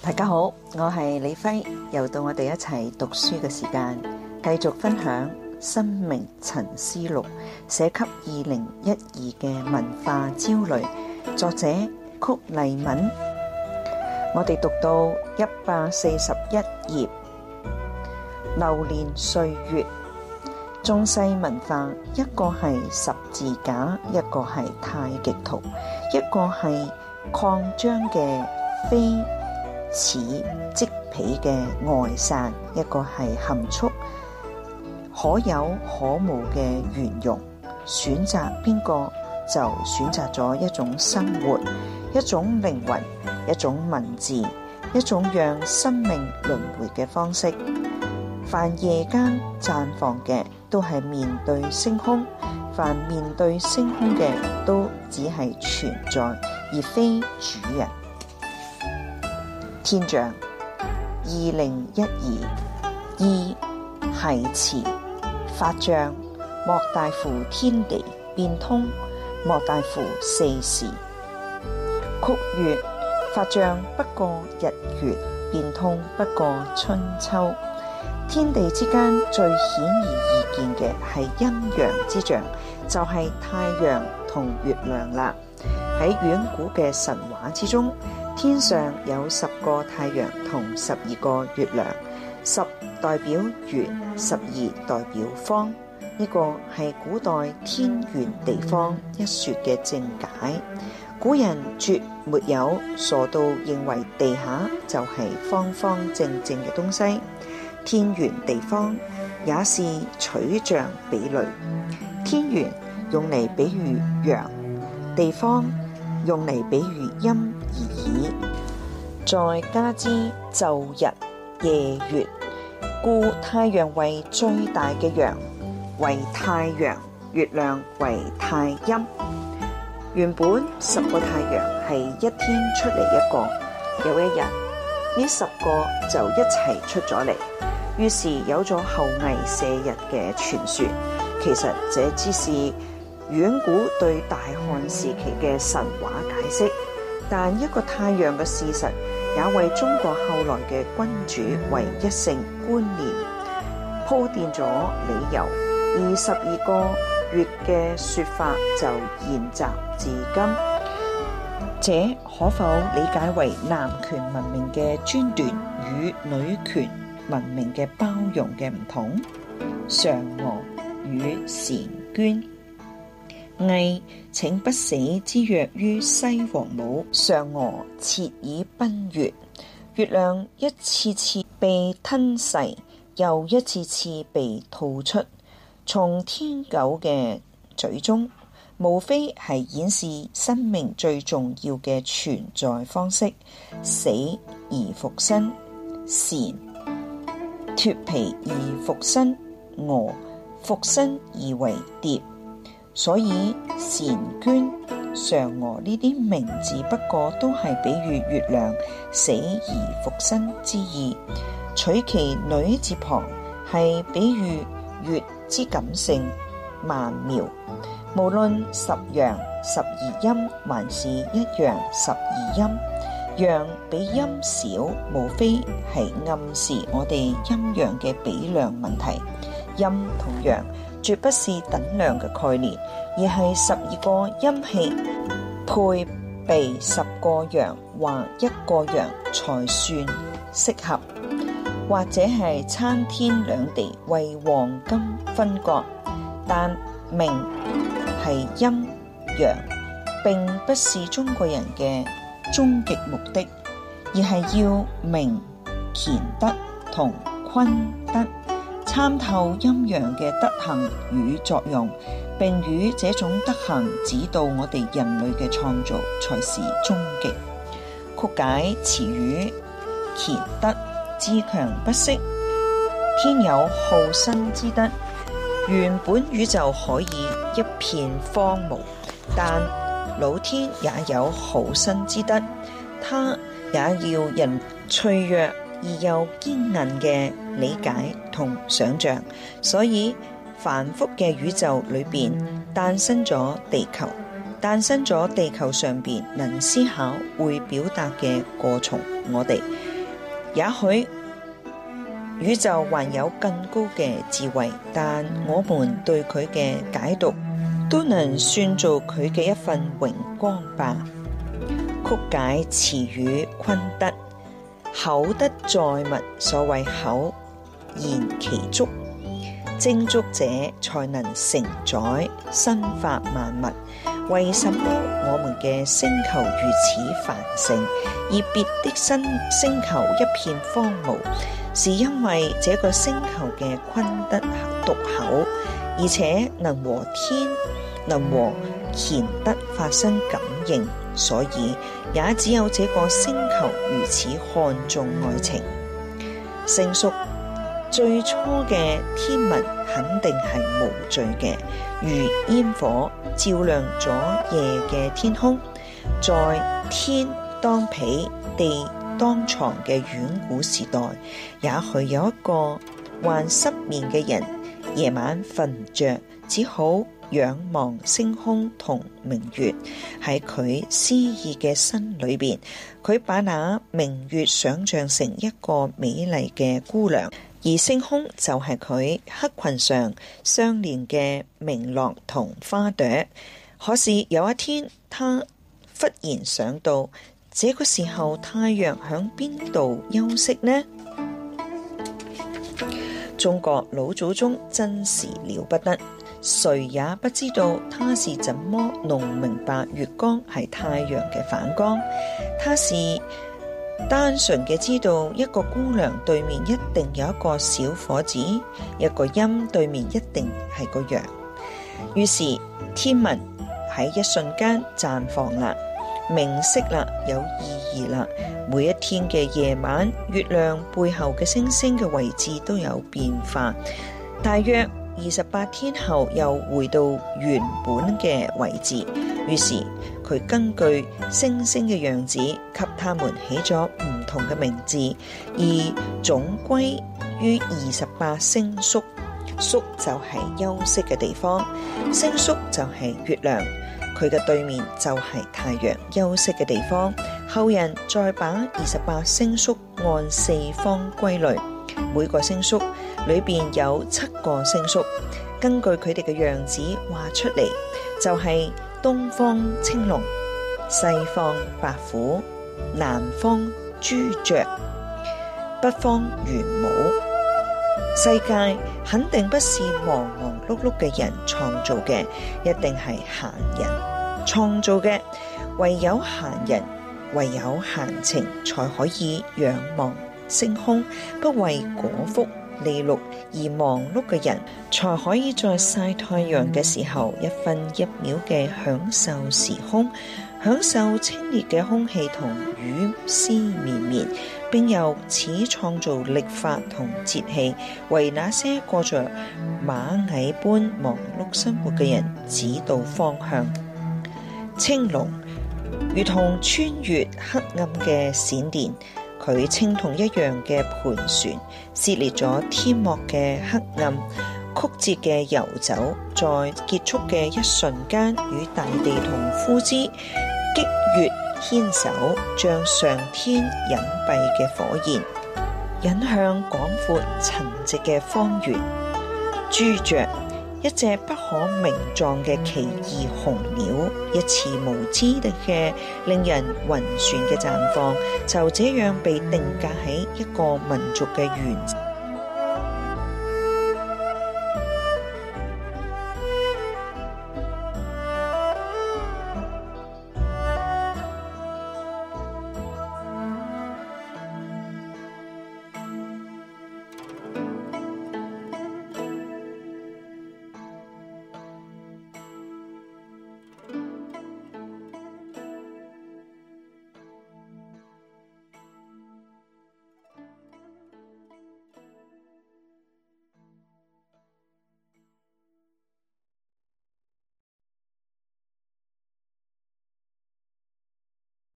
大家好，我係李輝，又到我哋一齊讀書嘅時間，繼續分享《生命沉思錄》寫給二零一二嘅文化焦慮，作者曲麗敏。我哋讀到一百四十一頁，流年歲月，中西文化一個係十字架，一個係太極圖，一個係擴張嘅飛。似織皮嘅外散，一個係含蓄，可有可無嘅圓融。選擇邊個就選擇咗一種生活，一種靈魂，一種文字，一種讓生命輪回嘅方式。凡夜間綻放嘅，都係面對星空；凡面對星空嘅，都只係存在，而非主人。天象，二零一二，二繫詞，法象莫大乎天地變通，莫大乎四時。曲月法象不過日月，變通不過春秋。天地之間最顯而易見嘅係陰陽之象，就係、是、太陽同月亮啦。喺遠古嘅神話之中。天上有十個太陽同十二個月亮，十代表圓，十二代表方。呢、這個係古代天圓地方一說嘅正解。古人絕沒有傻到認為地下就係方方正正嘅東西。天圓地方也是取象比類，天圓用嚟比喻陽，地方用嚟比喻陰。而已，再加之晝日夜月，故太陽為最大嘅陽，為太陽；月亮為太陰。原本十個太陽係一天出嚟一個，有一日呢十個就一齊出咗嚟，於是有咗后羿射日嘅傳說。其實這只是遠古對大漢時期嘅神話解釋。但一個太陽嘅事實，也為中國後來嘅君主為一姓觀念鋪墊咗理由。二十二個月嘅說法就延續至今，這可否理解為男權文明嘅專斷與女權文明嘅包容嘅唔同？嫦娥與嬋娟。羿請不死之藥於西王母，嫦娥竊以奔月。月亮一次次被吞噬，又一次次被吐出，從天狗嘅嘴中，無非係演示生命最重要嘅存在方式：死而復生，蟬脱皮而復生，蛾復生而為蝶。所以嬋娟、嫦娥呢啲名字，不過都係比喻月亮死而復生之意。取其女字旁，係比喻月之感性曼妙。無論十陽十二陰，還是一陽十二陰，陽比陰少，無非係暗示我哋陰陽嘅比量問題。陰同陽，絕不是等量嘅概念，而係十二個陰氣配備十個陽或一個陽才算適合，或者係參天兩地為黃金分割。但明係陰陽，並不是中國人嘅終極目的，而係要明乾德同坤德。參透陰陽嘅德行與作用，並與這種德行指導我哋人類嘅創造，才是終極。曲解詞語，乾德自強不息，天有好生之德。原本宇宙可以一片荒蕪，但老天也有好生之德，他也要人脆弱。而又堅韌嘅理解同想象，所以繁複嘅宇宙裏邊誕生咗地球，誕生咗地球上邊能思考會表達嘅過從。我哋也許宇宙還有更高嘅智慧，但我們對佢嘅解讀都能算做佢嘅一份榮光吧。曲解詞語，昆德。厚德載物，所謂厚言其足，精足者才能承載生發萬物。為什麼我們嘅星球如此繁盛，而別的新星球一片荒蕪？是因為這個星球嘅坤德獨厚，而且能和天，能和乾德發生感應，所以也只有這個星。如此看重愛情，星宿最初嘅天文肯定係無罪嘅，如煙火照亮咗夜嘅天空。在天當被、地當床嘅遠古時代，也許有一個患失眠嘅人，夜晚瞓唔着，只好。仰望星空同明月，喺佢詩意嘅心裏邊，佢把那明月想象成一個美麗嘅姑娘，而星空就係佢黑裙上相連嘅明樂同花朵。可是有一天，他忽然想到，這個時候太陽響邊度休息呢？中國老祖宗真是了不得。誰也不知道他是怎麼弄明白月光係太陽嘅反光。他是單純嘅知道一個姑娘對面一定有一個小伙子，一個陰對面一定係個陽。於是天文喺一瞬間綻放啦，明晰啦，有意義啦。每一天嘅夜晚，月亮背後嘅星星嘅位置都有變化，大約。二十八天後又回到原本嘅位置，於是佢根據星星嘅樣子，給他們起咗唔同嘅名字，而總歸於二十八星宿。宿就係休息嘅地方，星宿就係月亮，佢嘅對面就係太陽休息嘅地方。後人再把二十八星宿按四方歸類，每個星宿。裏邊有七個星宿，根據佢哋嘅樣子畫出嚟，就係、是、東方青龍、西方白虎、南方朱雀、北方玄武。世界肯定不是忙忙碌碌嘅人創造嘅，一定係閒人創造嘅。唯有閒人，唯有閒情，才可以仰望星空，不為果腹。利祿而忙碌嘅人，才可以在曬太陽嘅時候，一分一秒嘅享受時空，享受清冽嘅空氣同雨絲綿綿，並由此創造曆法同節氣，為那些過着螞蟻般忙碌生活嘅人指導方向。青龍，如同穿越黑暗嘅閃電。佢青銅一樣嘅盤旋，撕裂咗天幕嘅黑暗，曲折嘅遊走，在結束嘅一瞬間，與大地同呼之，激越牽手，像上天隱蔽嘅火焰，引向廣闊沉寂嘅荒原。朱雀。一隻不可名狀嘅奇異紅鳥，一次無知的令人暈眩嘅綻放，就這樣被定格喺一個民族嘅原則。